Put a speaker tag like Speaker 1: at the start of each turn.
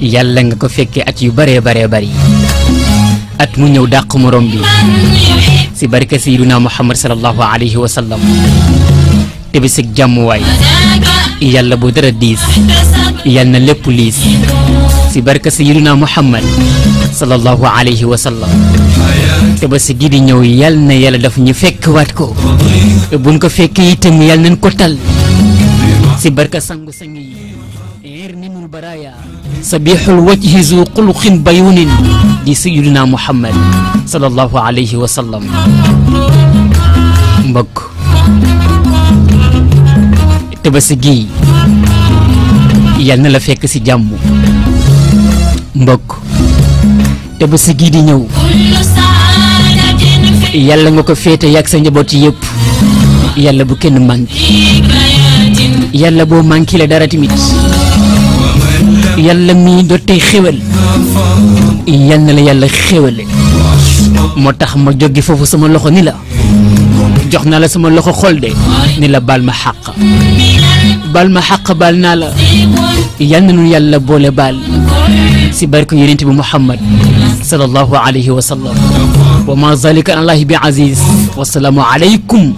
Speaker 1: yàlla nga ko fekkee at yu bëree baree bëri at mu ñëw dàq morom bi si barke sayyiduna muhammad sallallahu alayhi wa si jàmmuwaay yàlla bu dara diis na lépp liis si barke sayyiduna muhammad sallallahu alayhi wa te ba si gii di ñëw yàlla na yàlla ñu fekk waat ko buñ ko fekkee itam yàlla nañ ko tal si barke sangu sangi yi غير نمو البرايا صبيح الوجه ذو قلق بيون لسيدنا محمد صلى الله عليه وسلم mbokk Tabaski gi yal na la fekk ci jàmm mbokk Tabaski gi di ñëw yàlla nga ko féete yàgg sa njaboot yëpp yàlla bu kenn manqué yàlla boo manqué la dara tamit yàlla mi dootee xéwal yal na la yàlla xéwale moo tax ma jóge foofu sama loxo ni la jox naa la sama loxo xol de ni la baal ma xàq baal ma xàq baal naa la yal na nu yàlla boole baal si barke yonent bi Muhammad sallallahu alayhi wa sallam wa ma zalika alallahi bi aziz wa salaamu alaykum